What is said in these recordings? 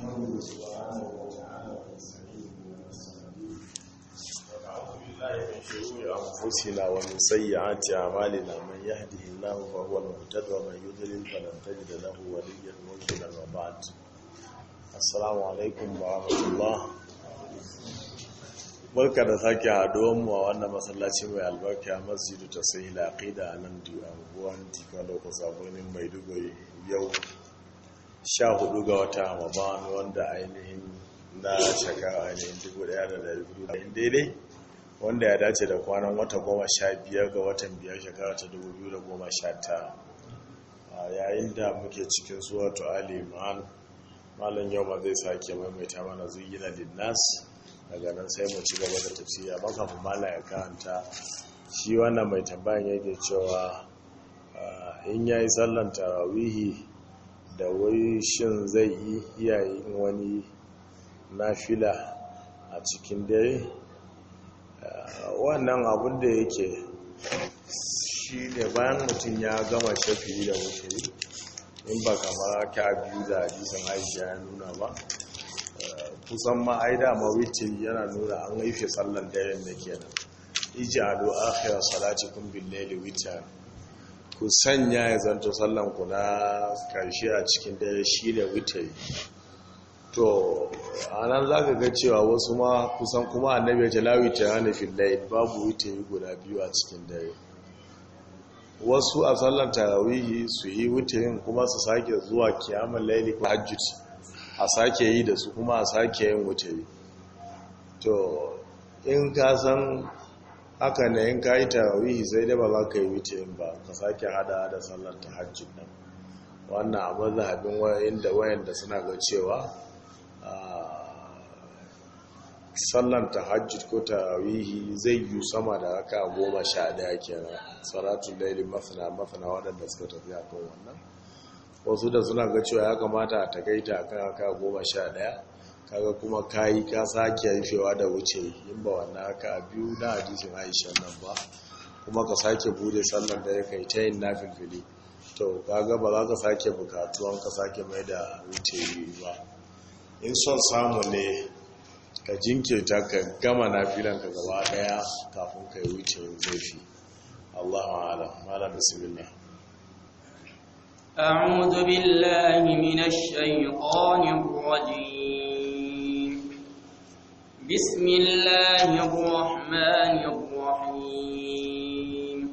نحمده سبحانه وتعالى ونستعينه ونستهديه ونعوذ بالله من شرور انفسنا ومن سيئات اعمالنا من يهده الله فهو المهتد ومن يضلل فلن تجد له وليا مرشدا وبعد السلام عليكم ورحمه الله barka da sake haduwanmu a wannan masallaci mai albarka masjidu ta sahila aqida nan diwa buwan tikalo ko sabonin maiduguri yau sha hudu ga wata ramadan wanda ainihin na shekara ainihin 1200 daidai wanda ya dace da kwanan wata goma sha biyar ga watan biyar shekara ta 2019 yayin da muke cikin zuwa to aliman malam yau ma zai sake maimaita mana zuyina dinnas? daga nan sai mu ci gaba da tafsiya ba kafin malam ya karanta shi wannan mai tambayan yake cewa ah, in yayi sallan tarawihi da wai shin zai yi iyayen wani nafila a cikin dare wannan abin da yake shi ne bayan mutum ya gama shafi da mutum in ba kamar ka biyu da hadisin aisha ya nuna ba kusan ma'aida mawicin yana nuna an haife sallar daren da kenan iji ado akhira salatikum bil layli witr ku sanya ya zanto sallanku na karshe a cikin dare shi da witari to a nan za ka ga cewa wasu ma kusan kuma annabi ya lawi ta hana fillayin babu yi guda biyu a cikin dare wasu a sallan tarawihi su yi yin kuma su sake zuwa kiyamun laili ko hajjuti a sake yi da su kuma a sake yin witari to in ka san haka na yin kayi tarawihi sai dai ba za ka yi yin ba ka sake hada da sallar ta hajji nan wannan a mazhabin wayan da wayan da suna ga cewa sallar ta hajji ko tarawihi zai yi sama da haka goma sha daya nan salatun laili mafina mafina waɗanda suka tafi a kan wannan wasu da suna ga cewa ya kamata a takaita a kan raka goma sha daya kaga kuma kayi ka sake rufewa da wuce in ba wannan haka biyu na hadisin aisha nan ba kuma ka sake bude sallar da ya kai ta yin nafilfili to kaga ba za ka sake bukatuwan ka sake mai da wuce ba in son samu ne ka jinkirta ka gama nafilan ka gaba daya kafin ka yi wuce zafi Allahu a'lam malam bismillah أعوذ بالله من الشيطان الرجيم بسم الله الرحمن الرحيم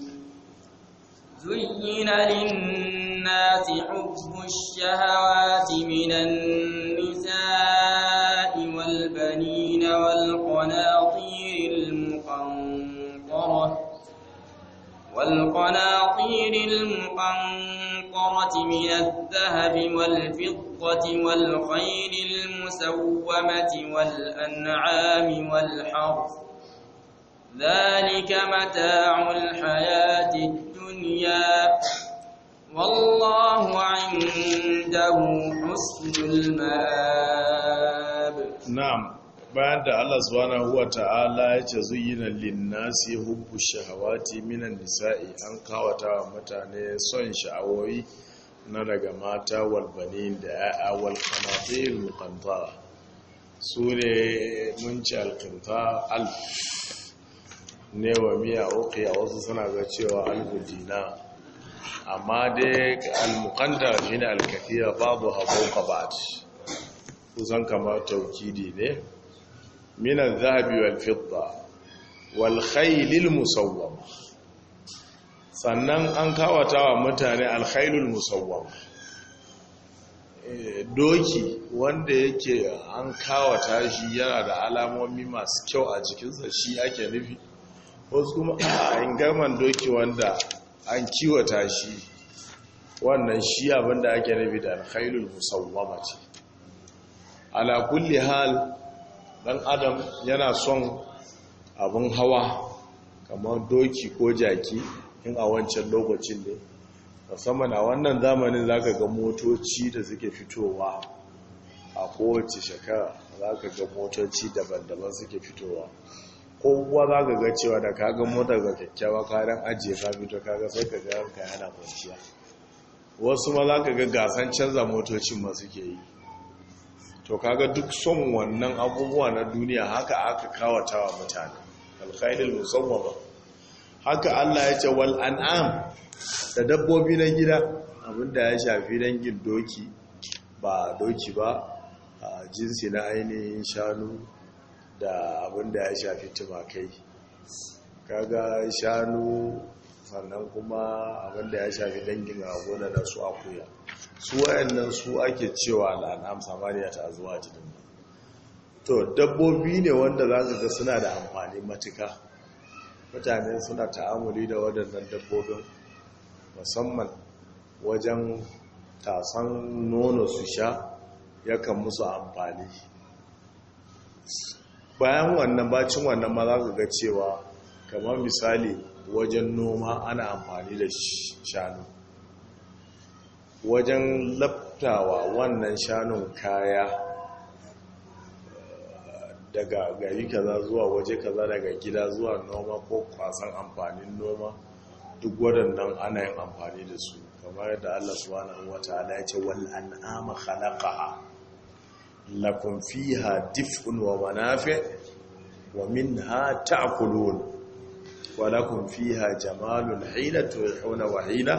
زين للناس حب الشهوات من النساء والبنين والقناطير المقنطرة والقناطير المقنطرة من الذهب والفضة الشقة والخيل المسومة والأنعام والحرث ذلك متاع الحياة الدنيا والله عنده حسن المآب نعم bayan da Allah zuwana huwa ta'ala ya ce zuyina linnasi hubbu shahawati minan nisa'i an kawata wa mutane son sha'awoyi na daga mata walbani da ya'a walkanatil mukanta su ne munci alkanta alf ne wa miya uku a wasu suna ga cewa dina, amma dai almukanta shi ne alkafiya babu haɓon kabat kusan kamar taukidi ne minan zahabi walfitta walkhailil musawwama sannan an kawata wa mutane alkhailul musawwam eh, doki wanda yake an kawata shi yana da alamomi masu kyau a jikinsa shi ake nufi wasu kuma a garman doki wanda an kiwata shi wannan shi abinda ake nufi da alkhailul musawwama ce ala kulli hal dan adam yana son abin hawa kamar doki ko jaki in a wancan lokacin ne musamman a wannan zamanin za ka ga motoci da suke fitowa a kowace shekara za ka ga motoci daban-daban suke fitowa kowa za ka ga cewa da ka ga motar ga kyakkyawa kayan ajiye ka fito ga sai ka ga ranka yana kwanciya wasu ma za ka ga gasan canza motocin ma suke yi to kaga duk son wannan abubuwa na duniya haka aka kawata wa mutane alkhairul musawwama haka Allah ya ce wal an'am da dabbobi na gida abinda ya shafi dangin doki ba doki ba a jinsi na ainihin shanu da abinda ya shafi tumakai kaga shanu sannan kuma abinda ya shafi dangin agona da su akuya su wayannan su ake cewa al'anam samariya ta zuwa jidin to dabbobi ne wanda za ga suna da amfani matuka mutane suna ta'amuli da waɗannan dabbobin musamman wajen tasan nono su sha yakan musu amfani bayan wannan bacin wannan ma za ga cewa kamar misali wajen noma ana amfani da shanu wajen laftawa wannan shanun kaya daga gari kaza zuwa waje kaza daga gida zuwa noma ko kwasan amfanin noma duk waɗannan ana yin amfani da su kamar yadda Allah subhanahu ta'ala ya ce wal an'ama khalaqaha lakum fiha dif'un wa manafi' wa minha ta'kulun wa lakum fiha jamalun hina wa hina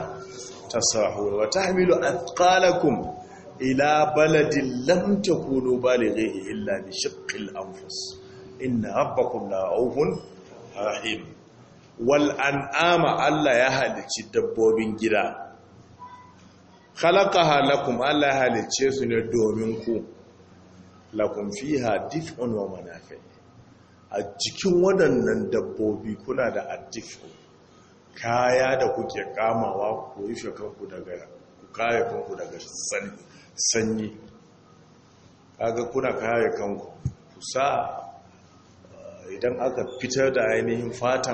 tasrahu wa tahmilu athqalakum ila baladin lam takunu balighi illa bi shaqqil anfus inna rabbakum la'awfun rahim wal an'ama Allah ya halicci dabbobin gida khalaqaha lakum Allah ya halicce su ne domin ku lakum fiha dif'un wa manafi a cikin waɗannan dabbobi kuna da addifu kaya da kuke kamawa ku rufe kanku daga ku kare kanku daga sani sanyi kaga kuna kare kanku kusa eh, idan aka fitar da ainihin fata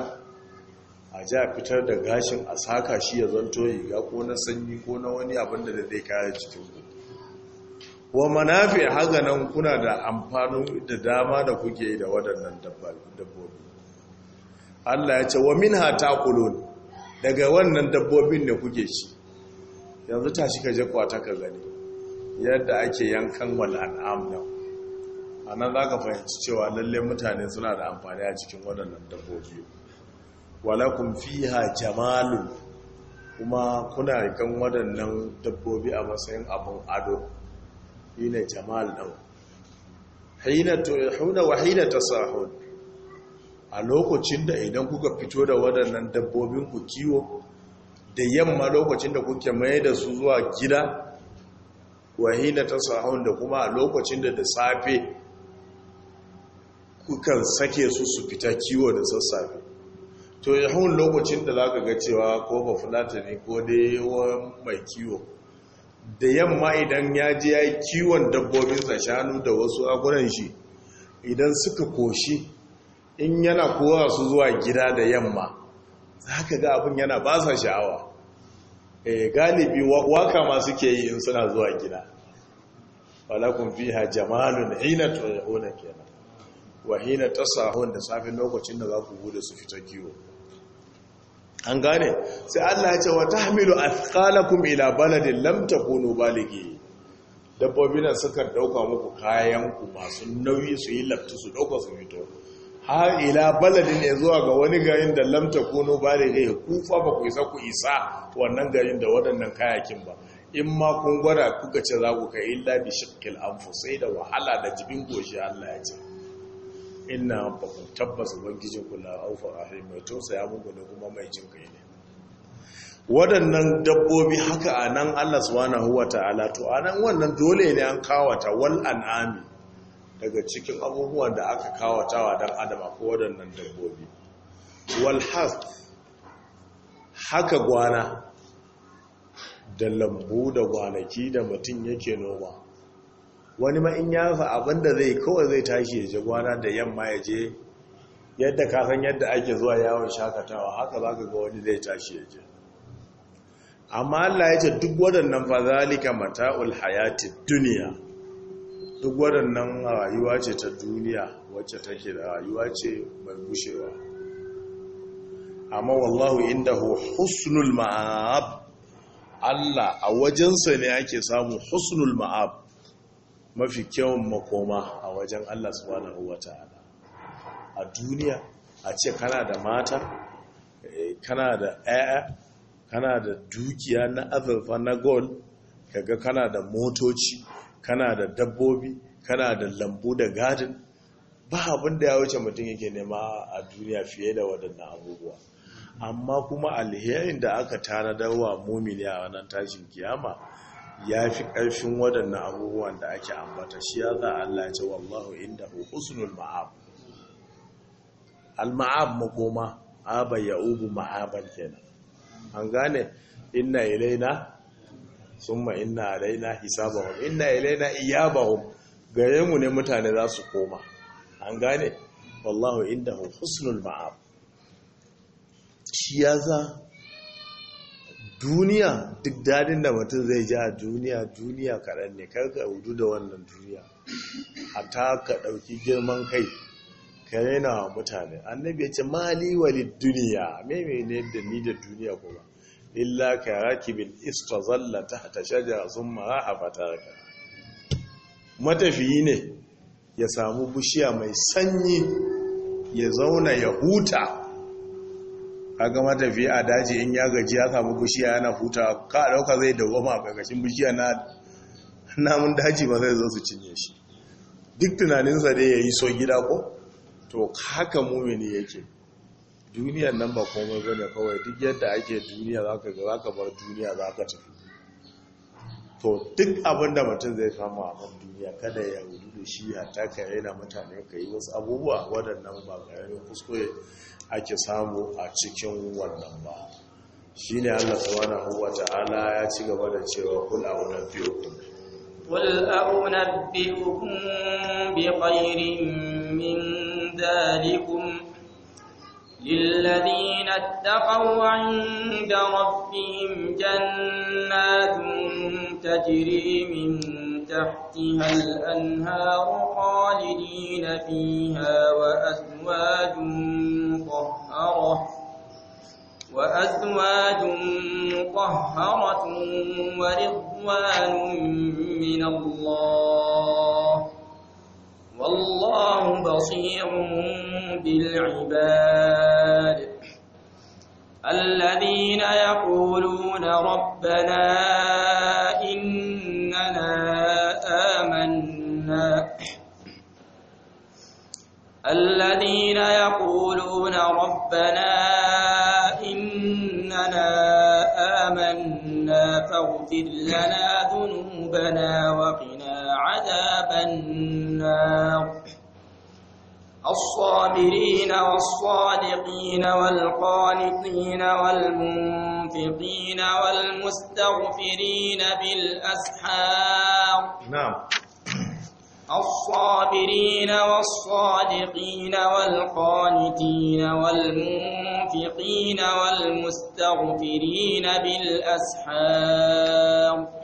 a ji a fitar da gashin a saka shi ya zanto riga ko na sanyi ko na wani abin da zai kare cikinku wa manafi haga nan kuna da amfani da dama da kuke da waɗannan dabbobi Allah ya ce wa min hata kulon daga wannan dabbobin da kuke ci yanzu tashi ka je kwata ka gani yadda ake yankan wani al'am nan a nan za ka fahimci cewa lalle mutane suna da amfani a cikin waɗannan dabbobi walakun fiha Jamalu? kuma kuna rikan waɗannan dabbobi a matsayin abin ado shi ne jamal ɗau haina wahina ta sahun a lokacin da idan kuka fito da waɗannan dabbobin ku kiwo da yamma lokacin da kuke mai da su zuwa gida wahina ta sahun da kuma a lokacin da da safe kukan sake su su fita kiwo da sassafe to hau lokacin da za ka ga cewa ko fulata ne ko dai mai kiwo da yamma idan ya ji ya yi kiwon dabbobin shanu da wasu agunan shi idan suka koshi in yana kowa su zuwa gida da yamma za ka ga abin yana ba sa sha'awa eh galibi waka ma suke yi in suna zuwa gida walakun fiha jamalun hina tuhuna kenan wa hina tasahun da safin lokacin da za ku bude su fita kiwo an gane sai Allah ya ce wa tahmilu athqalakum ila baladin lam takunu baligi dabbobi suka dauka muku kayan ku masu nauyi su yi lafti su dauka su fito har ila baladin ya zuwa ga wani garin da lamta kono ba da ya kufa ba ku isa ku isa wannan garin da waɗannan kayakin ba in ma kun gwada kuka ce za ku kai illa bi shakkil Sai da wahala da jibin goshi Allah ya ce ba ku tabbas ubangijin kula aufa rahim mai ya muku ne kuma mai jin kai ne waɗannan dabbobi haka a nan Allah subhanahu ta'ala to nan wannan dole ne an kawata wal an'ami daga cikin abubuwan da aka kawatawa dan adam ko waɗannan dabbobi walhas haka gwana da lambu da gwanaki da mutum yake noma wani ma in ya rufe abinda zai kawai zai tashi ya je gwana da yamma ya je yadda kasan yadda ake zuwa yawon shakatawa haka za ga wani zai tashi ya je amma Allah ya ce duk waɗannan fazalika mata'ul duniya duk waɗannan rayuwa ce ta duniya wacce take da rayuwa ce mai gushewa amma wallahu inda husnul ma'ab Allah a wajensa ne ake samu husnul ma'ab mafi kyawun makoma a wajen Allah subhanahu wata'ala a duniya a ce kana da mata eh, kana da 'ya'ya kana da dukiya na azurfa na gold kaga kana da motoci kana da dabbobi kana da lambu da gadin ba abin da ya wuce mutum yake nema a duniya fiye da waɗannan abubuwa amma kuma alherin da aka wa mumini a wannan tashin kiyama ya fi ƙarfin waɗannan abubuwan da ake ambata shi ya za Allah ce wallahu inda husnul ma'ab al-ma'ab makoma aba ugu ma'aban kenan an gane inna ilaina summa inna alaina hisabahum inna ilaina iyabahum gare mu ne mutane za su koma an gane wallahu indahu husnul ma'ab shi ya duniya duk dadin da mutum zai ji a duniya duniya kaɗan ne karka hudu da wannan duniya a ta ka ɗauki girman kai ka raina wa mutane annabi ya ce mali walid duniya mai ne da ni da duniya kuma illa ka rakibin istazalla tahta shajara a a fataraka matafiyi ne ya samu bishiya mai sanyi ya zauna ya huta ga matafiyi a daji in ya gaji ya samu bishiya yana huta ka dauka zai dawoma a gargashin bishiya na namun daji ba zai zo su cinye shi duk tunaninsa dai ya yi so gida ko to haka mumini yake duniyar nan ba komai ba ne kawai duk yadda ake duniya za ka za ka bar duniya za ka tafi to duk abinda mutum zai kama a kan duniya kada ya hudu da shi ya taka yana mutane ka yi wasu abubuwa waɗannan ba ƙaramin kuskure ake samu a cikin wannan ba shi ne allah subhanahu ta ala ya ci gaba da cewa kul a biyu قل أنبئكم بخير min dalikun للذين اتقوا عند ربهم جنات تجري من تحتها الأنهار خالدين فيها وأزواج مطهرة وأزواج مطهرة ورضوان من الله والله بصير بالعباد الذين يقولون ربنا إننا آمنا الذين يقولون ربنا إننا آمنا فاغفر لنا النار الصابرين والصادقين والقانطين والمنفقين والمستغفرين بالأسحار نعم الصابرين والصادقين والقانتين والمنفقين والمستغفرين بالأسحار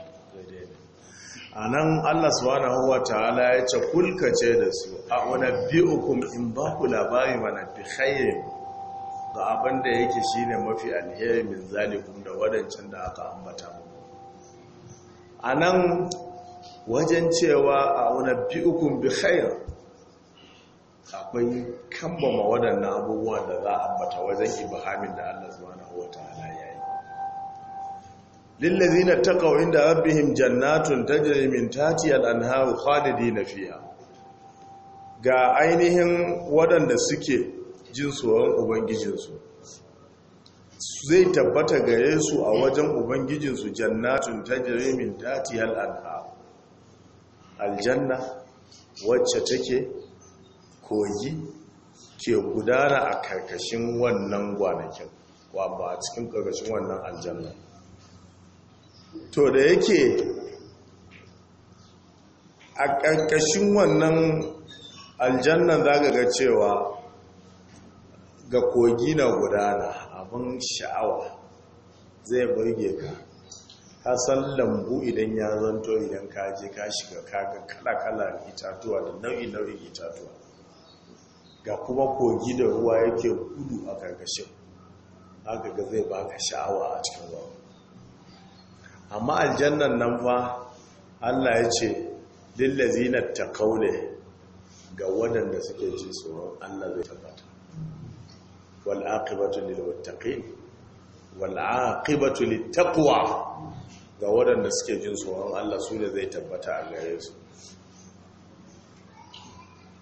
a nan allah subhanahu wa ta'ala ya ce 'Kulka ce da su a wani bi'ukum in ba ku labari mana fi haye ga abin da yake shi ne mafi alheri min zalikun da wadancan da aka ambata a nan wajen cewa a wani bi'ukum bi haye akwai kambama waɗannan abubuwan da za a ambata wajen ibahamin da allah subhanahu wa ta'ala ya lillazina taqaw inda rabbihim jannatun tajri min tahtiha al-anharu khalidina fiha ga ainihin waɗanda suke jin tsoron ubangijinsu zai tabbata gare su a wajen ubangijinsu jannatun tajri min tahtiha al aljanna wacce take kogi, ke gudana a karkashin wannan gwanakin wa ba a cikin karkashin wannan aljanna to da yake a ƙarƙashin wannan aljannan za ga cewa ga kogi na gudana abin sha'awa zai burge ka ka san lambu idan ya zanto idan ka je ka shiga kaga kala-kala itatuwa da nau'i-nau'in itatuwa ga kuma kogi da ruwa yake gudu a ƙarƙashin haka ga zai baka sha'awa a cikin ruwa amma aljannan nan fa Allah ya ce lillazina taqawle ga waɗanda suke ji tsoron Allah zai tabbata wal aqibatu lil muttaqin wal aqibatu lit taqwa ga waɗanda suke jin tsoron Allah su ne zai tabbata a gare su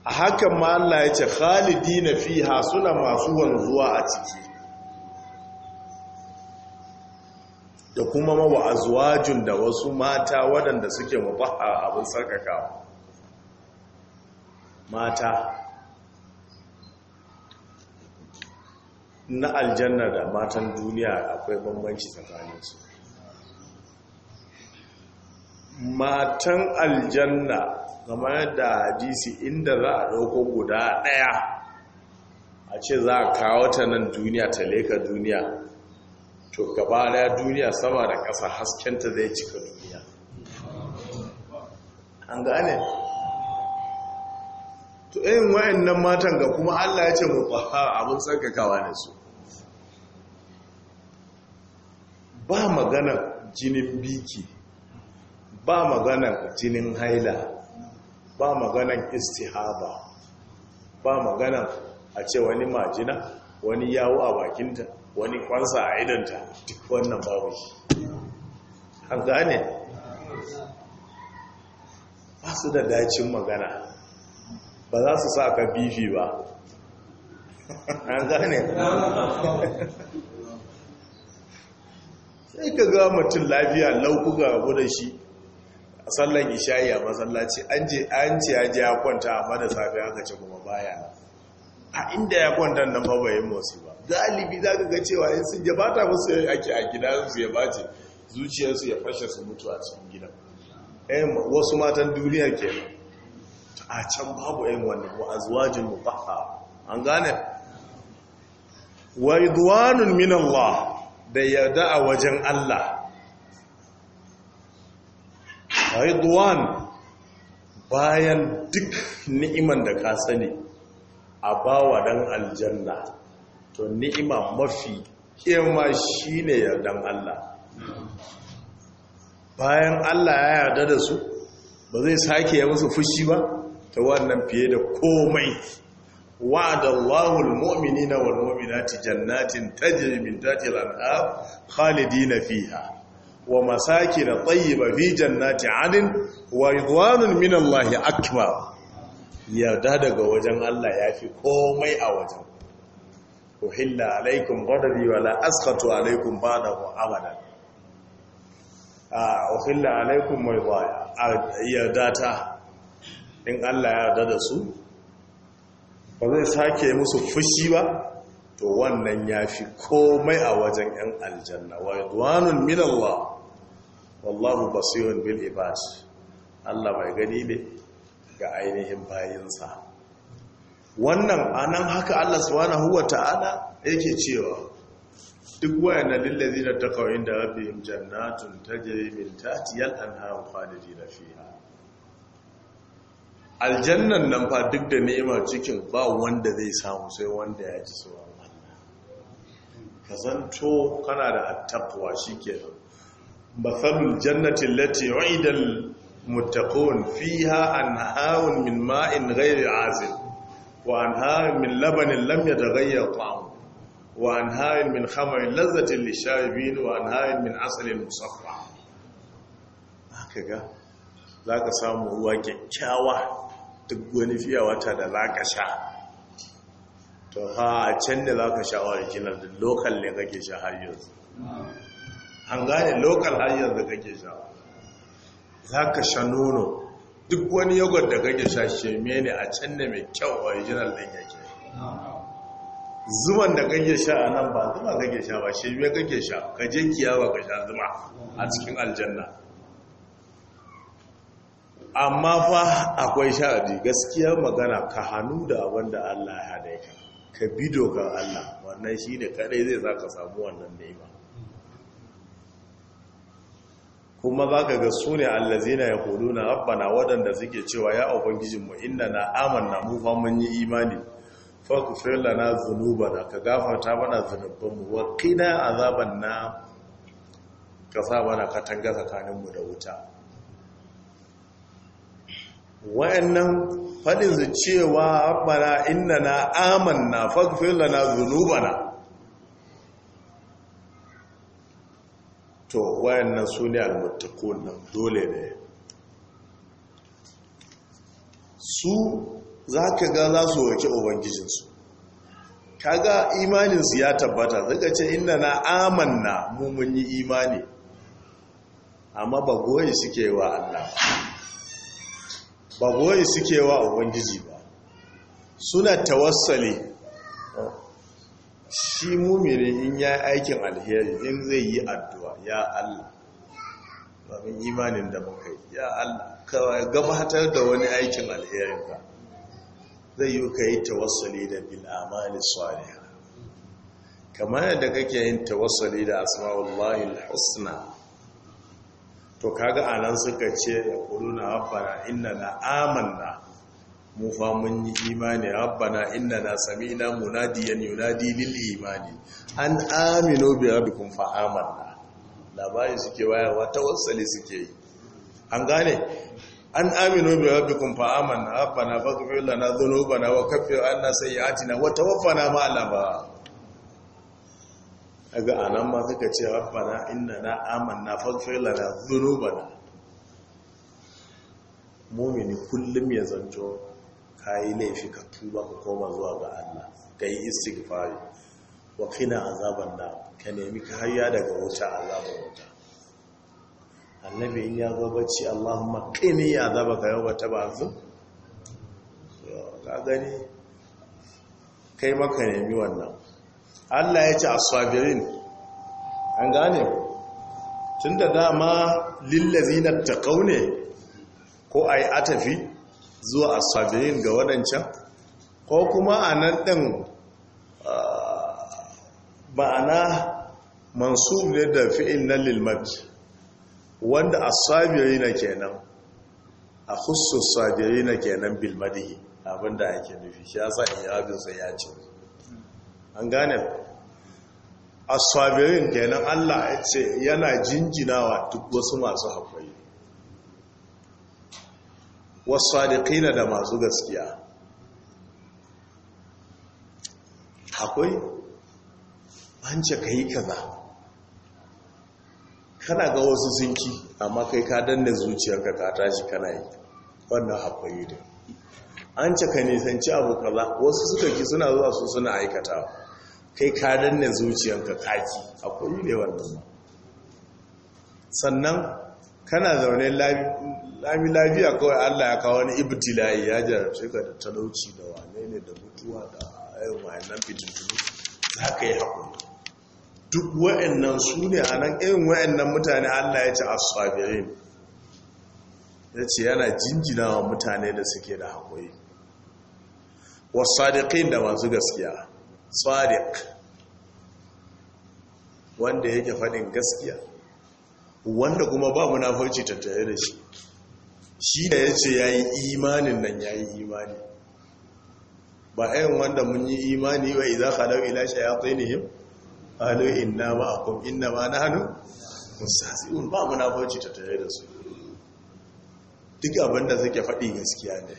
a hakan ma Allah ya ce khalidina fiha suna masu wanzuwa a ciki da kuma mawa zuwajin da wasu mata waɗanda suke a abin sarkaka mata na aljanna da matan duniya akwai bambanci tsakaninsu matan aljanna kamar da hadisi inda za a ɗauko guda ɗaya a ce za a kawo ta nan duniya ta leka duniya to gaba daya duniya sama da ƙasa haskenta zai cika duniya an gane to yin wayannan matan ga kuma Allah ya ce mu ba abin tsarkakawa ne su ba magana jinin biki ba magana jinin haila ba magana istihaba ba magana a ce wani majina wani yawo a bakinta wani kwansa a idanta duk wannan babu shi an gane ba su da dacin magana ba za su sa ka bifi ba an gane sai ka ga mutum lafiya laukuga guda shi a sallan ishayi a masallaci an ce ya ji ya kwanta amma da safe aka ce kuma baya a inda ya kwanta na ba bayan motsi ba dalibi za ka ga cewa yin sun jabata musu ake a gidansu ya bace zuciyarsu ya fashe su mutu a cikin gidan ɗayan wasu matan duniya ke a can babu ɗayan wannan wa azuwajin mutaha an gane wa idwanun min Allah da yarda a wajen Allah Wa ridwan bayan duk ni'iman da ka sani a bawa dan aljanna to ni'ima mafi shi shine yardan Allah bayan Allah ya yarda da su ba zai sake ya musu fushi ba ta wannan fiye da komai lahul Allahu na muminina wal mu'minati jannatin ta min tahtiha al-anhar khalidina fiha wa tsayi ba fi jannati adin wa ridwanun minan lahi akbar yarda daga wajen Allah ya fi komai a wajen uhilla alaikum ghadabi wa la ba alaikum wa abada a uhilla alaikum mai baya yarda ta in Allah ya yarda da su ba zai sake musu fushi ba to wannan ya fi komai a wajen yan aljanna wa duwanun min wallahu basirun bil ibad Allah mai gani ne ga ainihin bayinsa wannan anan haka Allah subhanahu wata'ala yake cewa duk wayana lillazina taqaw da rabbihim jannatun tajri min tahtiha al khalidina fiha aljannan nan fa duk da ni'ima cikin ba wanda zai samu sai wanda ya ji su kasanto kana da attaqwa shikenan mathalul jannati allati u'ida al-muttaqun fiha anharun min ma'in ghairi azib wa anharin min labanin lam yataghayyar ta'amu wa anharin min khamarin lazzatin lisharibin wa anharin min asalin musaffa haka ga za ka samu ruwa kyakkyawa duk wani fiya wata da za ka sha to ha can da za ka sha wa da lokal ne kake sha har yanzu an gane lokal har yanzu ke sha za ka sha nono duk wani yogurt da kake sha sheme ne a can ne mai kyau original din yake zuman da kake sha a nan ba zuma kake sha ba sheme kake sha ka je kiyawa ka sha zuma a cikin aljanna amma fa akwai sha sha'adi gaskiya magana ka hannu da abin da Allah ya hada ka ka bido ga Allah wannan shi ne kadai zai za ka samu wannan neman kuma za ka ga su ne allazina ya hudu na rabbana waɗanda suke cewa ya ubangijinmu inna na amanna mu fa mun yi imani fa ku firla na zunubana ka gafarta mana zunubanmu wa qina azaban na ka sa mana katanga tsakaninmu da wuta wa'annan faɗin su cewa rabbana inna na amanna fa ku firla na na to wayannan su ne almuttaqun nan dole ne su za ka ga za su roki ubangijinsu kaga imaninsu ya tabbata zaka ce inda na amanna mummun yi imani amma ba goyi suke wa Allah ba goyi suke wa ubangiji ba suna tawassali shi mumini in ya aikin alheri in zai yi addu'a ya Allah babin imanin da muka yi ya Allah kawai gabatar da wani aikin alherin ka zai yi ka yi tawassali da bil amali salih kamar yadda kake yin tawassali da asma'ullahi al-husna to kaga anan suka ce da kuluna wafara inna na amanna Mufa mun yi imani rabbana na munadi munadiyan yunadi lil imani an aminu bi rabbikum fa amanna labari suke wasali tawassali suke yi an gane an aminu bi rabbikum fa amanna rabbana faghfir lana dhunubana wa kaffir anna sayyi'atina wa tawaffana ma alaba aga anan ma suka ce rabbana innana amanna faghfir lana dhunubana mumini kullum ya zanto ka yi laifi ka tuba ka koma zuwa ga Allah ka yi istighfari wa kina azaban da ka nemi ka hayya daga wuta azaban wuta annabi in ya zo bacci Allahumma qini azabaka yawma tab'azu ka gani kai maka nemi wannan Allah ya ce as-sabirin an gane tunda dama lillazina taqaw ne ko ai atafi zuwa asabirin ga waɗancan ko kuma a nan ɗin ba'ana mansub ne da fi'in na lilmat wanda asabiri na kenan a husus sabiri na kenan bilmadihi abinda ake nufi shi yasa sai ya ce an gane asabirin kenan allah ya ce yana jinjinawa duk wasu masu haƙwai wasadiqina da masu gaskiya akwai wance ka yi kaza kana ga wasu zinki amma kai ka danna zuciyarka ka tashi kana yi wannan akwai da an ce ka nisanci abu kaza wasu suka ki suna zuwa su suna aikata kai ka danna zuciyarka kaki akwai ne wannan sannan kana zaune lami lafiya kawai Allah ya kawo wani ibtila'i ya jarabce ka da talauci da wane ne da mutuwa da ayyukan wayannan fitintunu za ka yi haƙuri duk wa'in nan su ne a nan irin nan mutane Allah ya ce Asfabirin ya ce yana jinjina wa mutane da suke da haƙuri was-sadiqin da masu gaskiya sadiq wanda yake faɗin gaskiya wanda kuma ba munafarci tattare da shi shi da ya ce ya yi imanin nan ya yi imani ba ɗayan wanda mun yi imani wa iza halau ila shayatunihim halau inna ma'akum inna ma na hannu musasiun ba munafarci ta tare da su duk abinda suke faɗi gaskiya ne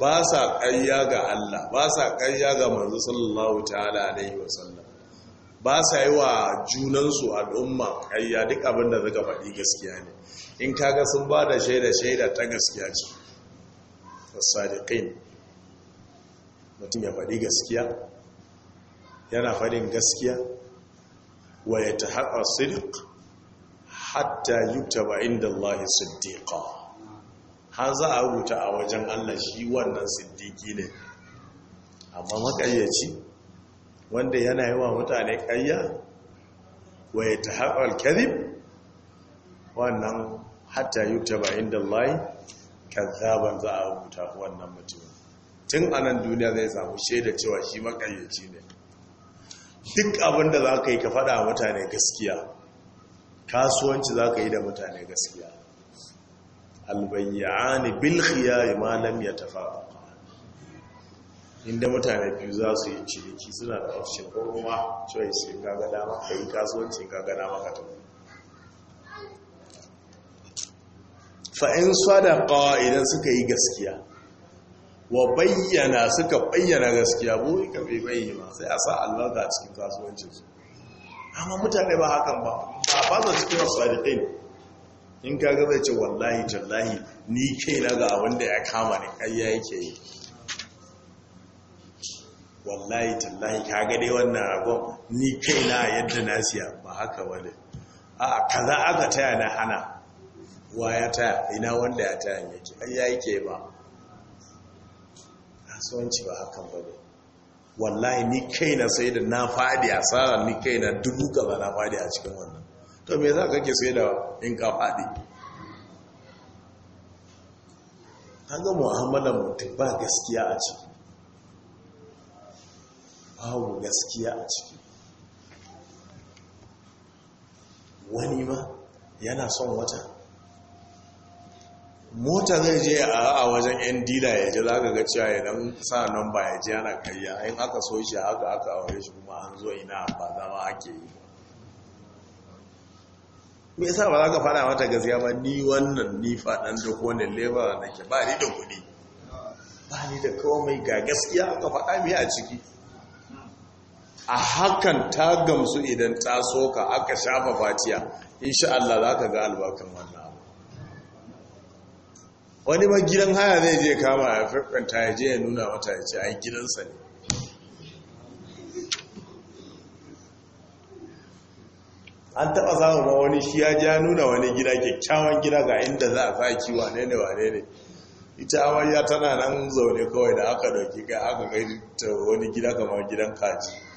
ba sa ƙarya ga Allah ba sa ƙarya ga manzo sallallahu ta'ala alaihi wasallam ba sa yi wa junansu al'umma ƙayya duk abin da zaka faɗi gaskiya ne in kaga sun ba da shaida shaida ta gaskiya ce fasadiqin mutum ya faɗi gaskiya yana faɗin gaskiya wa ya ta haɗa sidik hatta yi yutaba inda Allah siddiƙa. har za a rubuta a wajen Allah shi wannan siddiƙi ne amma makayyaci wanda yana yi wa mutane ƙarya, wa ya ta haƙar kadib wannan hatta yi ta bayan da lai kazzaban za a rubuta wannan mutum tun anan duniya zai samu shaida cewa shi makayyaci ne duk abin da za ka yi ka faɗa mutane gaskiya kasuwanci za ka yi da mutane gaskiya albayyani bilkhiya malam ya tafa inda mutane biyu za su yi ciniki suna da option ko kuma choice in kaga dama ka yi kasuwanci in kaga dama ka tafi fa'in sadaqa idan suka yi gaskiya wa bayyana suka bayyana gaskiya buri ka bai bayyana sai a sa Allah a cikin kasuwancinsu amma mutane ba hakan ba ba ba su cikin sadiqin in ka zai ce wallahi tallahi ni na ga abin da ya kama ne kai ke yi wallahi tallahi ka ga dai wannan ragon ni kaina yadda na siya ba haka wani a kaza aka taya na hana wa ya taya ina wanda ya taya yake ai ya yake ba kasuwanci ba hakan ba ne wallahi ni kaina sai da na fadi asara ni kaina dubu gaba na fadi a cikin wannan to me za ka kake sai da in ka fadi an ga mutum ba gaskiya a ciki babu gaskiya a ciki wani ma yana son wata mota zai je a wajen yan dila ya ji za ka ga cewa idan sa nan ba ya ji ana karya in aka so shi haka aka aure shi kuma an zo ina ba zama ake yi me yasa ba za ka fara mata gaskiya ba ni wannan ni faɗan da kone lebara ke ba ni da kuɗi ba ni da komai ga gaskiya aka faɗa mai a ciki a hakan ta gamsu idan ta soka aka shafa fatiya insha Allah za ka ga albarkan wannan abu wani ba gidan haya zai je kama ya farkanta ya je ya nuna mata ya ce ai gidansa ne an taba samun ma wani shi ya ja nuna wani gida kyakkyawan gida ga inda za a sa kiwa ne ne wane ne ita amarya tana nan zaune kawai da aka dauki ga aka kai wani gida kamar gidan kaji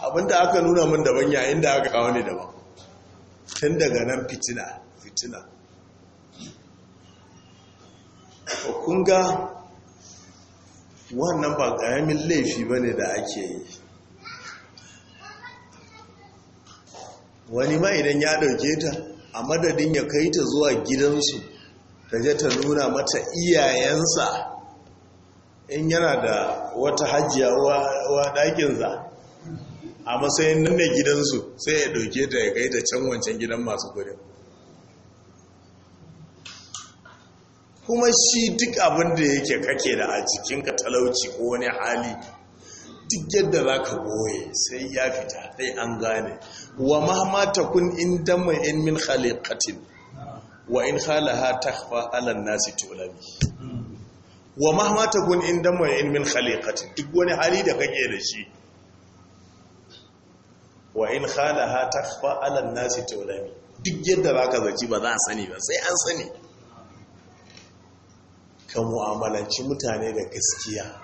abinda aka nuna min daban yayin da aka kawo ne daban tun daga nan fitina fitina kun wannan ba ƙaramin laifi ba ne da ake yi wani ma idan ya ɗauke ta a madadin ya kai ta zuwa gidansu ta je ta nuna mata iyayensa in yana da wata hajiya wa ɗakinsa a matsayin nan ne gidansu sai ya ɗauke ta ya kai ta can wancan gidan masu kudin kuma shi duk abinda yake kake da a jikinka talauci ko wani hali duk yadda za ka goye sai ya fita dai an gane wa mahamata kun in damar in min halittatin wa in halaha ta alan nasi tulabi wa mahma kun inda mai ilmin khaliqati duk wani hali da kake da shi wa in khalaha takfa ala nasi tawlami duk yadda baka zaci ba za a sani ba sai an sani ka mu'amalanci mutane da gaskiya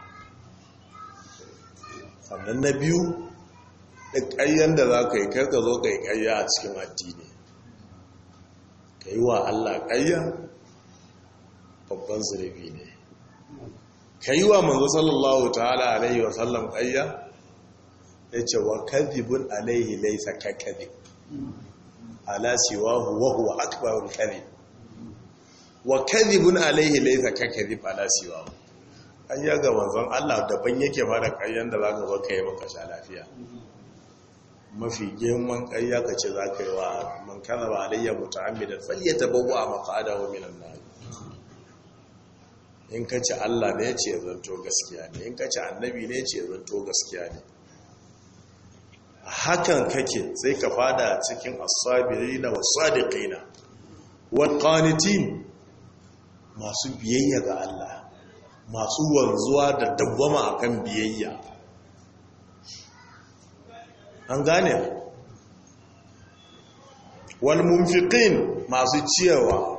sannan na biyu da ƙayyar da za ka yi karka zo ka yi ƙayya a cikin addini ka yi wa allah ƙayya babban zunubi ne ka yi wa manzo sallallahu ta'ala alaihi wa sallam ƙayya ya ce wa kadhibun alaihi laisa ka kadi ala siwa wa huwa akbarul kadi, wa kadhibun alaihi laisa ka kadhib ala an yi ga manzon Allah daban yake fara ƙayyan da ka zo yi maka sha lafiya mafi girman ƙarya ka ce za ka yi wa man kana ba alayya mutu'ammidan a bawa maqadahu minan nar in ka ci Allah ne ce zanto gaskiya ne in ka ci annabi ne ce zanto gaskiya ne hakan kake sai ka fada cikin asabiri na wasu sadiqina wal masu biyayya ga Allah masu wanzuwa da dabbama akan biyayya an gane wal masu ciyawa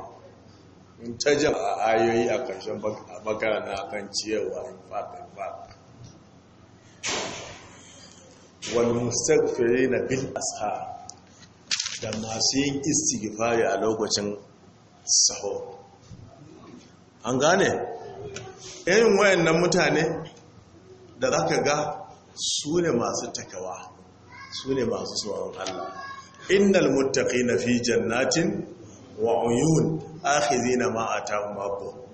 in ta a ayoyi a ƙarshen bakara na kan ciyarwa in faɗin ba wani mustaqfiri na bil asha da masu yin istighfari a lokacin saho an gane irin wayannan mutane da za ka ga su ne masu takawa su ne masu tsoron Allah innal muttaqina fi jannatin wa uyun akhizina ma atahum rabbuhum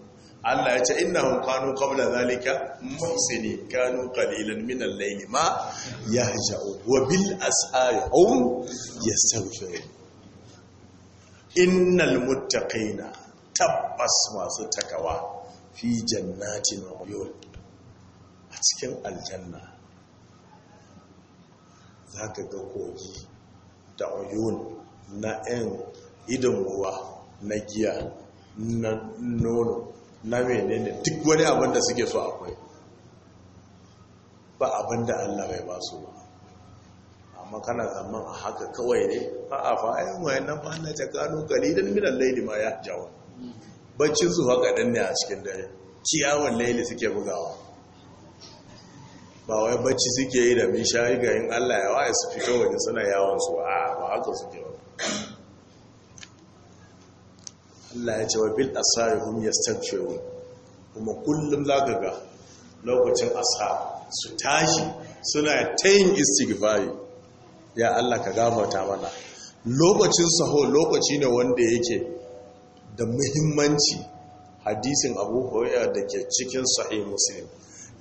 Allah ya ce innahum kanu qabla zalika muhsini kanu qalilan min al-layli ma yahja'u wa bil asari hum yastaghfirun innal muttaqina tabbas masu takawa fi jannatin wa a cikin aljanna zaka ga kogi da oyol na 'yan idon ruwa na giya na nono na menene duk wani abin da suke so akwai ba abin da Allah bai ba su ba amma kana zaman a haka kawai ne ba a fa'ayin wayan nan ba na cakano kalilan minan laili ma ya jawo baccin su haka dan ne a cikin dare ciyawan laili suke bugawa ba wai bacci suke yi da min shayi Allah ya waye su fito wajen suna yawon su a ba haka suke ba Allah ya ce wa bil asari hum kuma kullum zaka ga lokacin Asha su tashi suna ta yin istighfari ya Allah ka gafarta mana lokacin saho lokaci ne wanda yake da muhimmanci hadisin Abu Hurairah da ke cikin sahih Muslim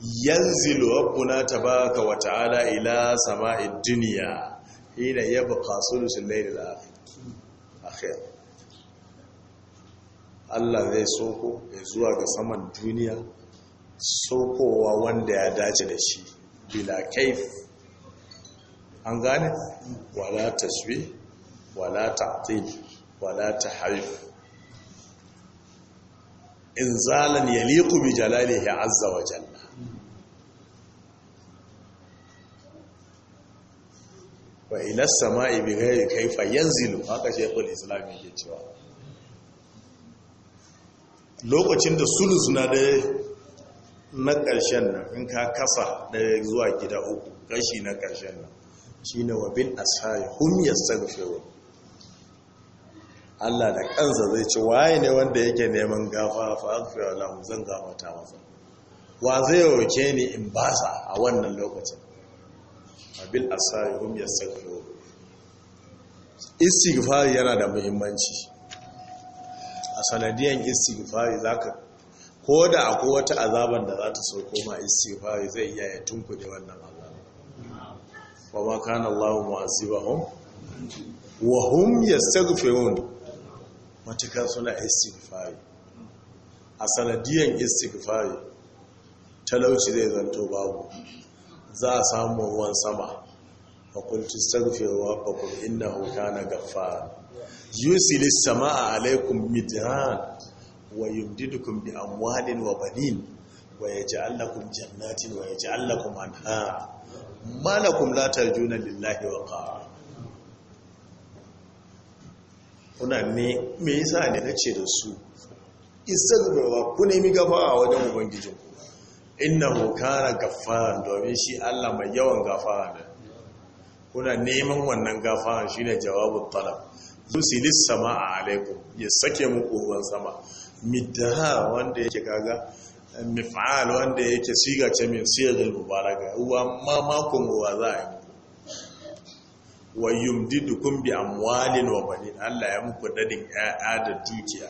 yanzilu rabbuna tabaraka wa ta'ala ila sama'id dunya ila yabqa sulusul laylil akhir Allah zai soko ya zuwa ga saman duniya sokowa wanda ya dace da shi bila kaif an gane wala taswi wala ta'til wala tahrif inzalan yaliqu bi ya azza wa jalla wa ila samai bi ghairi kaifa yanzilu haka shaykhul islam yake cewa lokacin da sulus na da na ƙarshen nan in ka kasa daya zuwa gida uku kashi na ƙarshen nan shi ne wa bin ashari hum yastaghfirun Allah da kansa zai ci waye ne wanda yake neman gafara fa aghfira lahu zan gafarta masa wa zai roke ni in basa a wannan lokacin abil asari hum yastaghfirun istighfar yana da muhimmanci a sanadiyan istighfari zaka ko da akwai wata azaban da za ta sauko ma istighfari zai iya ya tunkuɗe wannan azaban wa ma kana Allahu mu'azibahum wa hum yastaghfirun matakan suna istighfari a sanadiyan istighfari talauci zai zanto babu za a samu ruwan sama fakulci sarfewa fakul inna hukana fara. yusilis sama'a alaikum midran wa yumdidukum bi amwalin wa banin wa yaj'al lakum jannatin wa yaj'al lakum anhar malakum la tarjuna lillahi wa qara kuna me me yasa ne nace da su istaghfiru ku nemi gafara wajen ubangijinku innahu kana gaffaran domin shi Allah mai yawan gafara ne kuna neman wannan gafara shine jawabul talab sama sama'a alaikum ya sake muku ruwan sama middaha wanda yake kaga mif'al wanda yake siga ce mai sirrul mubaraka uwa ma makon ruwa za a yi wa yumdidukum bi amwalin wa banin Allah ya muku dadin 'ya'ya da dukiya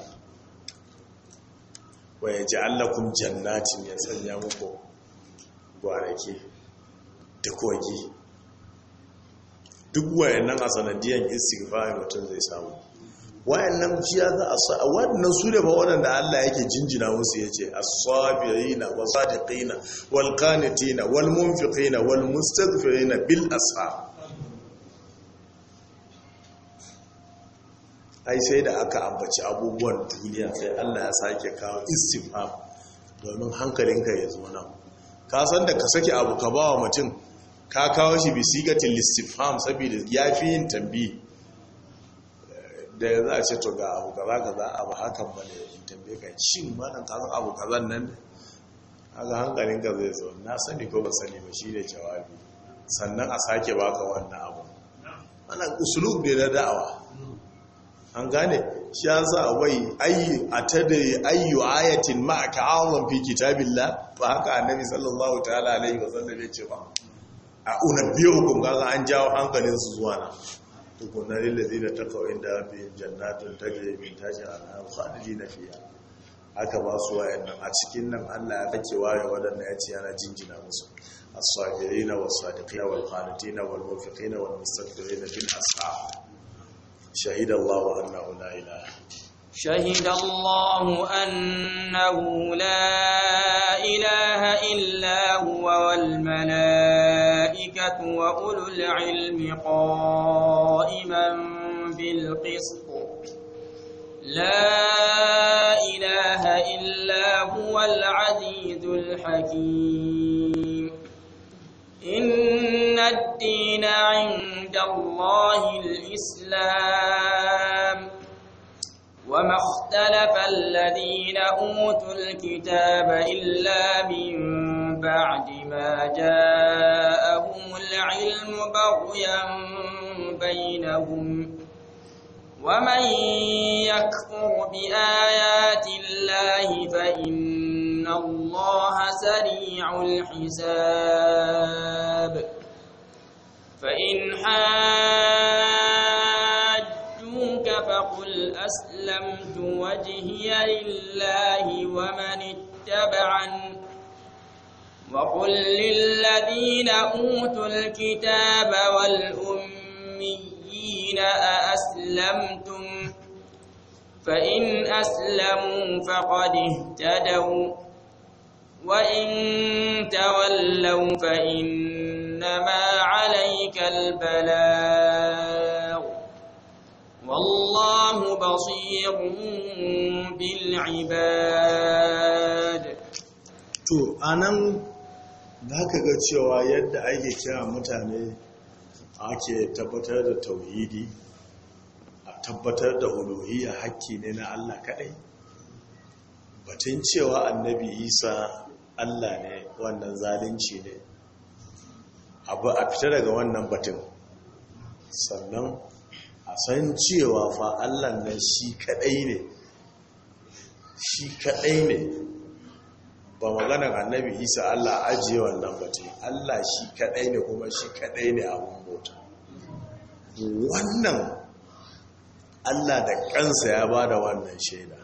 wa yaj'al lakum jannatin ya sanya muku gwaraki da kogi duk wayannan a sanadiyan istighfari mutum zai samu wayannan jiya za a sa wannan su da ba waɗanda Allah yake jinjina musu yace as-sabirina was-sadiqina wal-qanitina wal-munfiqina wal-mustaghfirina bil ashab ai sai da aka ambaci abubuwan duniya sai Allah ya sake kawo istighfar domin hankalinka ya zo nan ka san da ka saki abu ka ba wa mutum ka kawo shi bisigatin listifam saboda ya fi yin tambi da ya za a ce to ga abu kaza kaza abu hakan ba ne yin tambi ga shin malam ka san abu kazan nan ga hankalin ka zai zo na sani ko ba sani ba shi ne jawabi sannan a sake baka wannan abu Ana usulub ne na da'awa an gane shi an sa wai a ayyu atadri ayyu ayatin ma'aka awon fi kitabillah ba haka annabi sallallahu ta'ala alaihi wasallam ya ce ba a unabbiukum kaga an jawo hankalin su zuwa na tukunan lillazina taqaw inda rabbihim jannatun tajri min tahtiha al-anhar na fiha aka ba su wayannan a cikin nan Allah ya kace waye wadanda ya ce yana jinjina musu as-sabirin was-sadiqin wal-qanitin wal-munfiqin wal-mustaghfirin bil ashab shahida Allahu annahu la ilaha شهد الله أنه لا إله إلا هو والملائكة وأولو العلم قائما بالقسط لا إله إلا هو العزيز الحكيم إن الدين عند الله الإسلام وما اختلف الذين أوتوا الكتاب إلا من بعد ما جاءهم العلم بغيا بينهم ومن يكفر بآيات الله فإن الله سريع الحساب فإن حاجوك فقل أسلمت وجهي لله ومن اتبعني وقل للذين أوتوا الكتاب والأميين أأسلمتم فإن أسلموا فقد اهتدوا وإن تولوا فإنما عليك البلاغ والله بصير بالعباد za ga cewa yadda ake kira mutane ake tabbatar da tauhidi a tabbatar da uluhiyya hakki ne na Allah kaɗai batun cewa annabi isa Allah ne wannan zalunci ne abu a fita daga wannan batun sannan a san cewa fa Allah na shi kaɗai ne shi kaɗai ne ba maganar annabi isa allah ajiye wannan ba allah shi kadai ne kuma shi kadai ne a mota wannan allah da kansa ya ba da wannan shaida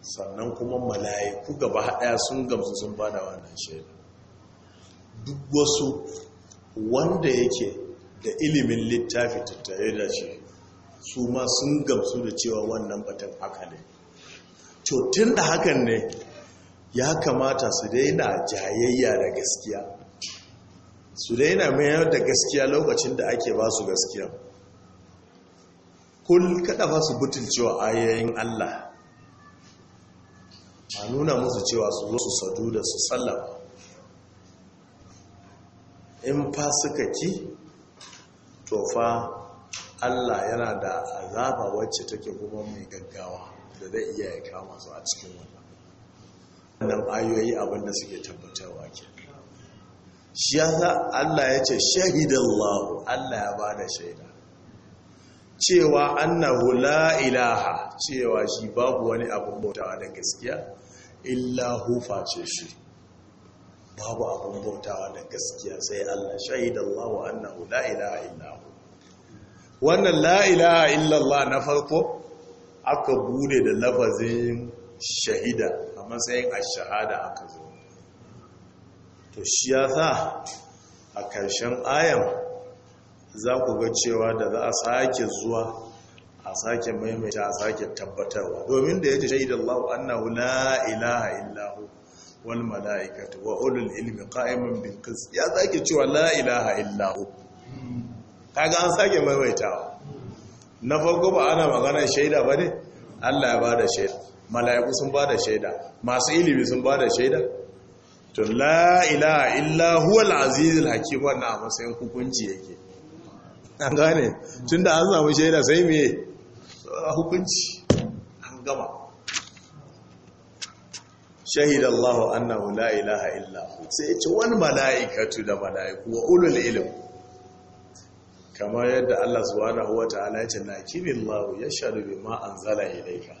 sannan kuma mala'iku gaba haɗaya sun gamsu sun ba da wannan shaida duk wasu wanda yake da ilimin littafi tattare da shi su ma sun gamsu da cewa wannan batun haka ne to da hakan ne ya kamata su daina jayayya da gaskiya su daina mayar da gaskiya lokacin da ake ba su gaskiya kul kada ba su butulcewa ayoyin Allah a nuna musu cewa su zo su sadu da su sallama in fa suka ki to fa Allah yana da azaba wacce take kuma mai gaggawa da zai iya ya kama su a cikin wannan wannan ayoyi abinda suke tabbatarwa ke shi yasa Allah ya ce shahidallahu Allah ya bada shaida cewa annahu la ilaha cewa shi babu wani abin bautawa da gaskiya illa hufa ce shi babu abin bautawa da gaskiya sai Allah shahidallahu annahu la ilaha hu wannan la ilaha illallah na farko aka bude da lafazin shahida matsayin a shahada aka zo to shi ya sa a ƙarshen ayan za ku ga cewa da za a sake zuwa a sake maimaita a sake tabbatarwa domin da ya ce shaidar lahu annahu la ilaha illahu wal mala'ikatu wa ulul ilmi ka'imin bin qist ya sake cewa la ilaha illahu kaga an sake maimaitawa na farko ba ana magana shaida ne. Allah ya bada shaida mala'iku sun ba da shaida masu ilimi sun ba da shaida to la illa huwal azizul hakim wannan a matsayin hukunci yake an gane tunda an samu shaida sai me hukunci an gama shahida Allah annahu la ilaha illa hu sai ci wani mala'ikatu da mala'iku wa ulul ilm kamar yadda Allah subhanahu wataala ya ce lakibin Allah yashhadu bima anzala ilayka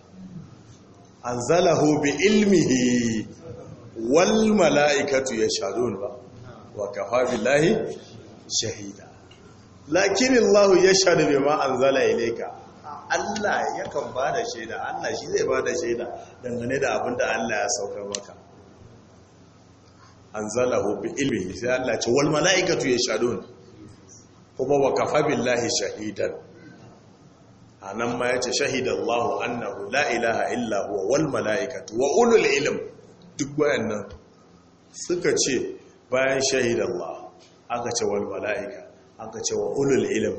anzalahu bi ilmihi wal mala'ikatu yashhadun ba wa kafa billahi shahida lakin Allah yashhadu bima anzala ilayka Allah yakan bada shaida Allah shi zai bada shaida dangane da abinda Allah ya saukar maka anzalahu bi ilmihi sai Allah ce wal mala'ikatu yashhadun kuma wa kafa billahi shahidan a nan ma ya ce shahidallahu annahu la ilaha illa huwa wal mala'ikatu wa ulul ilm duk wayannan suka ce bayan shahidallah aka ce wal mala'ika aka ce wa ulul ilm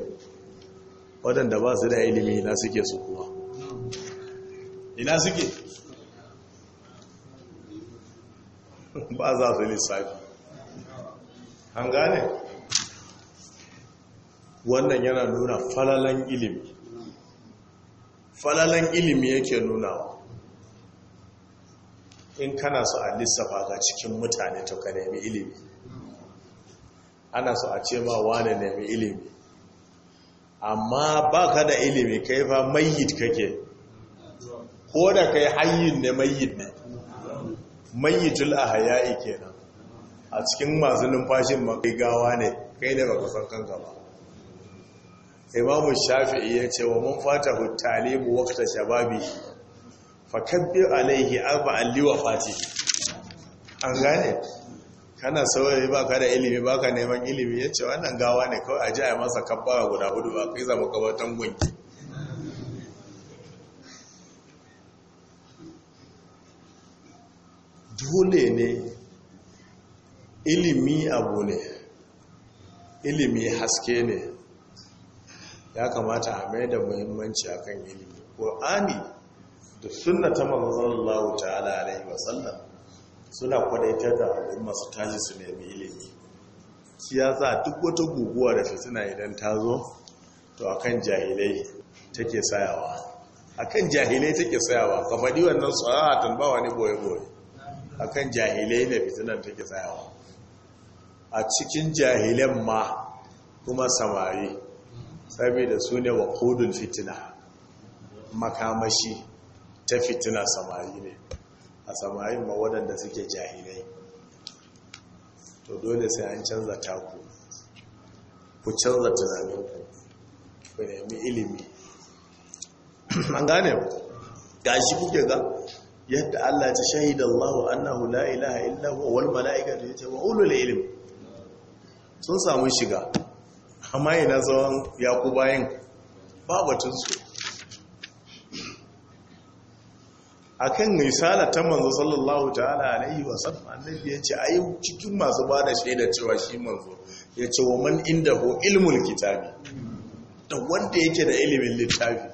wadanda ba su da ilimi na suke su kuma ina suke ba za su lissafi an gane wannan yana nuna falalan ilimi falalan ilimi yake nunawa in kana su a lissafa ga cikin mutane to ka nemi ilimi ana so a ce ma wane nemi ilimi amma ba ka da ilimi kai fa mayid kake ko da kai hanyin ne mayid ne a ahaya'i kenan a cikin masu numfashin gawa ne kai ne ba san kanka ba imamu shafi'i ya ce wa mun fata talibu wakta shababi fakabbir alaihi arba'an wa fati an gane kana saurayi ba ka da ilimi ba ka neman ilimi ya ce wannan gawa ne kawai a ji a masa kabbara guda hudu ba yi zama kabatan gunki dole ne ilimi abu ne ilimi haske ne ya kamata a mai da muhimmanci a kan ilimi ƙor'ani da suna ta mazallahu ta'ala alaihi wasallam suna kwadaitar da al'umma su tashi su nemi ilimi shi ya duk wata guguwa da fitina idan ta zo to akan jahilai take sayawa akan jahilai take sayawa ka faɗi wannan tsara tambawa ne boye-boye akan jahilai ne fitinan take tsayawa a cikin jahilan ma kuma samari saboda su ne wa kudin fitina makamashi ta fitina samari ne a samari ma waɗanda suke jahilai to dole sai an canza taku ku canza tunaninku ku nemi ilimi an gane gashi kuke ga yadda Allah ta shahida Allah annahu la ilaha da ya ce malaikatu ulul ilm sun samu shiga amma ina zaman yaku bayan babatinsu a kan risala ta manzo sallallahu ta'ala alaihi wasa annabi ya ce a yi cikin masu ba da shaida cewa shi manzo ya ce wa man inda ho ilmul kitabi da wanda yake da ilimin littafi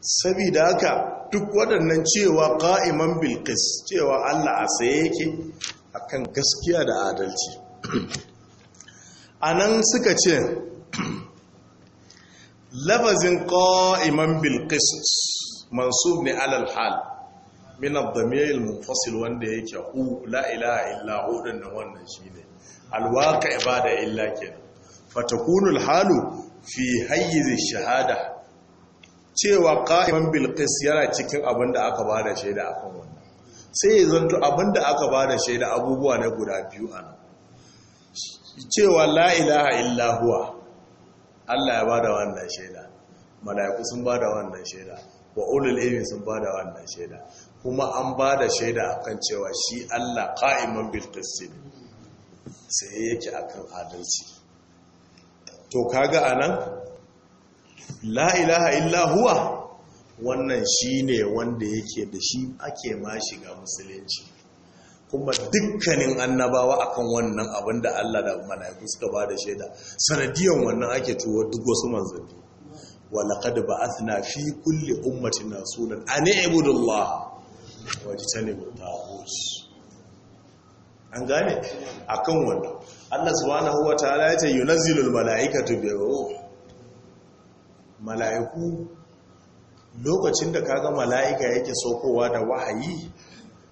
sabida haka duk waɗannan cewa ƙa'iman bilkis cewa allah a saye yake akan gaskiya da adalci a nan suka ce labazin ƙa'iman bilkisus mansub ne alal hal min abdamiyar munfasil wanda yake hu la'ila illa hudun wannan shi ne alwaka ibada illa ke fatakunul halu fi hayyizi shahada cewa ƙa'iman bilkis yana cikin abin da aka ba da shaida akan wannan sai ya zanto abinda aka ba da shaida abubuwa na guda biyu a nan cewa la'ilaha illahuwa Allah ya ba da wannan shaida malayaku sun ba da wannan shaida wa ulul ilmi sun ba da wannan shaida kuma an ba da shaida akan cewa shi Allah ka'iman bil sai yake akan adalci to kaga anan la ilaha wannan shi ne wanda yake da shi ake ma shiga musulunci kuma dukkanin annabawa akan wannan abin da Allah da mala'iku suka ba da shaida sanadiyan wannan ake tuwo duk wasu manzanni a na fi kulli ummatin rasulan an ibudullah wa tajtanibu taghut an gane A kan wannan Allah subhanahu wataala ya ce yunazzilul mala'ikatu bi ruh mala'iku lokacin da kaga mala'ika yake saukowa da wahayi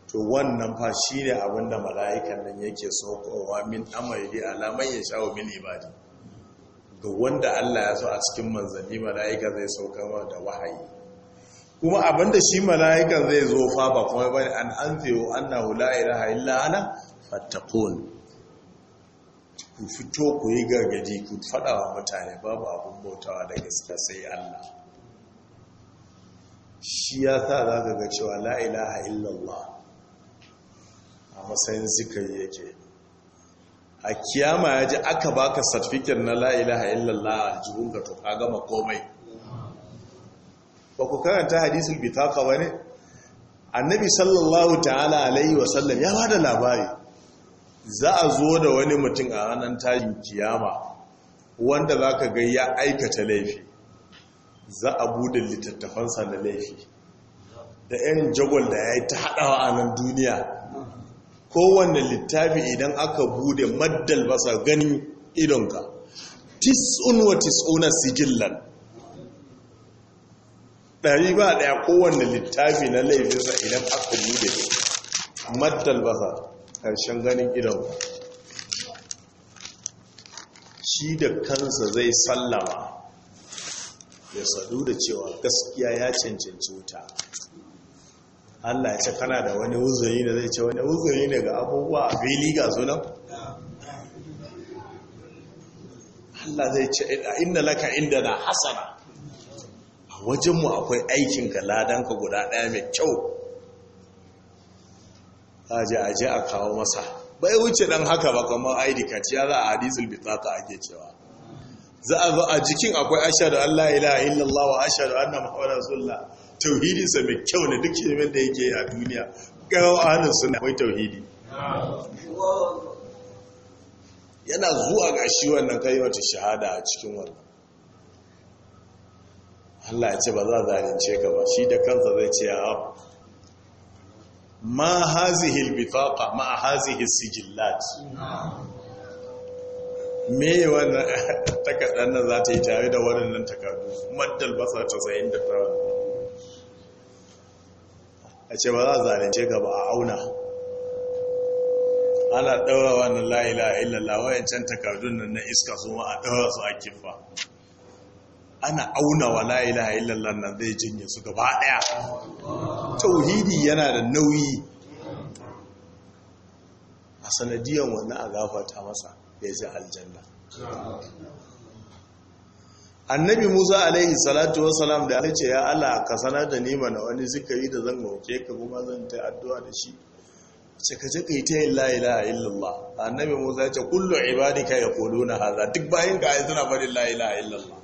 to wannan fa shi shine abinda mala'ikan nan yake saukowa min amali alamai ya sha'u min ibadi ga wanda Allah ya so a cikin manzanni mala'ika zai saukowa da wahayi kuma abinda shi mala'ikan zai zo fa ba kuma bane an anzihu annahu la ilaha illa ana fattaqun ku fito ku yi gargadi ku faɗawa mutane babu abin bautawa da gaske sai Allah shi ya sa za ka ga cewa la'ilaha illallah a matsayin zikari yake a kiyama ya ji aka baka satifikin na la'ilaha illallah a jihunka to ka gama komai ba ku karanta hadisun bitaka ka wani. annabi sallallahu ta'ala alaihi wasallam ya ba da labari za a zo da wani mutum a ranar tashin kiyama wanda za ka ga ya aikata laifi za a buɗe littattafansa na laifi da 'yan jagwal da ya yi ta haɗawa a nan duniya kowane littafi idan aka bude maddal basa ganin idonka tis'un wa tis'una sigillan ɗari ba ɗaya kowane littafi na laifinsa idan aka bude maddal basa ƙarshen ganin idonka shi da kansa zai sallama ya sadu da cewa gaskiya ya cancanci wuta Allah ya ce kana da wani uzuri da zai ce wani uzuri ne ga abubuwa a fili ga sunan Allah zai ce inda laka inda na hasana a wajenmu akwai aikin ladanka guda ɗaya mai kyau aje aje a kawo masa bai wuce dan haka ba kamar aidikaci ya za a hadisul bitaka ake cewa za a zo a jikin akwai ashadu Allah ilaha illallah wa ashadu anna muhammadar rasulullah tauhidin sa mai kyau ne duk shirmen da yake a duniya kawo a hannun suna mai tauhidi yana zuwa ga shi wannan kalimatu shahada a cikin wannan Allah ya ce ba za a zalunce ka ba shi da kansa zai ce a ma hazihil bifaka ma hazihil sigillat me wannan takardar nan za ta yi tare da waɗannan takardu maddal sa casa'in da tara a ce ba za a zalunce gaba a auna ana ɗaura wannan la'ila illallah can takardun nan na iska su ma a ɗaura su a kifa ana auna wa la'ila illallah nan zai jinye su gaba ɗaya tauhidi yana da nauyi a sanadiyar wannan a gafata masa ya ce aljanna annabi musa alaihi salatu wasalam da ya ce ya allah ka sanar da ni mana wani zikari da zan roke ka kuma zan ta addu'a da shi ce ka je ka yi ta yin la ilaha illallah annabi musa ya ce kullu ibadika na haza duk bayan ka ayi suna faɗin la ilaha illallah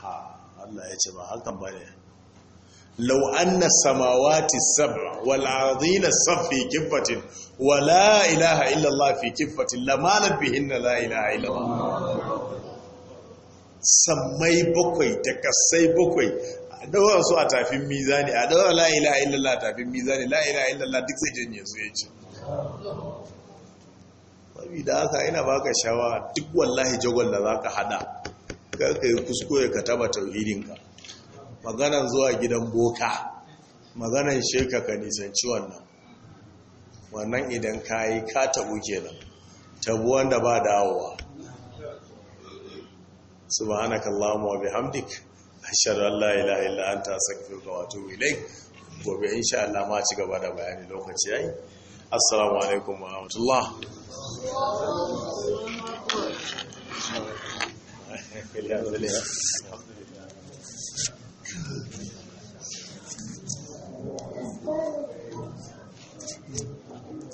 ha allah ya ce ba hakan ba ne law anna samawati sab'a wal ardina safi kiffatin wa la ilaha illa Allah fi kiffatin lamalat bihinna la ilaha illa Allah sammai bakwai da bakwai a daura su a tafin mizani a daura la ilaha illa Allah tafin mizani la ilaha illa duk sai janye su yace da haka ina baka shawara duk wallahi jagon da zaka hada kar ka yi kuskure ka taba tauhidinka maganan zuwa gidan boka maganan sheka ka nisanci wannan wannan idan ka yi ka tabu kenan tabu wanda ba dawowa subhanaka allahumma wa bihamdik ashhadu an la ilaha illa anta astaghfiruka wa atubu ilaik gobe insha Allah ma ci gaba da bayani lokaci yayi assalamu alaikum wa rahmatullah Gracias. Thank you.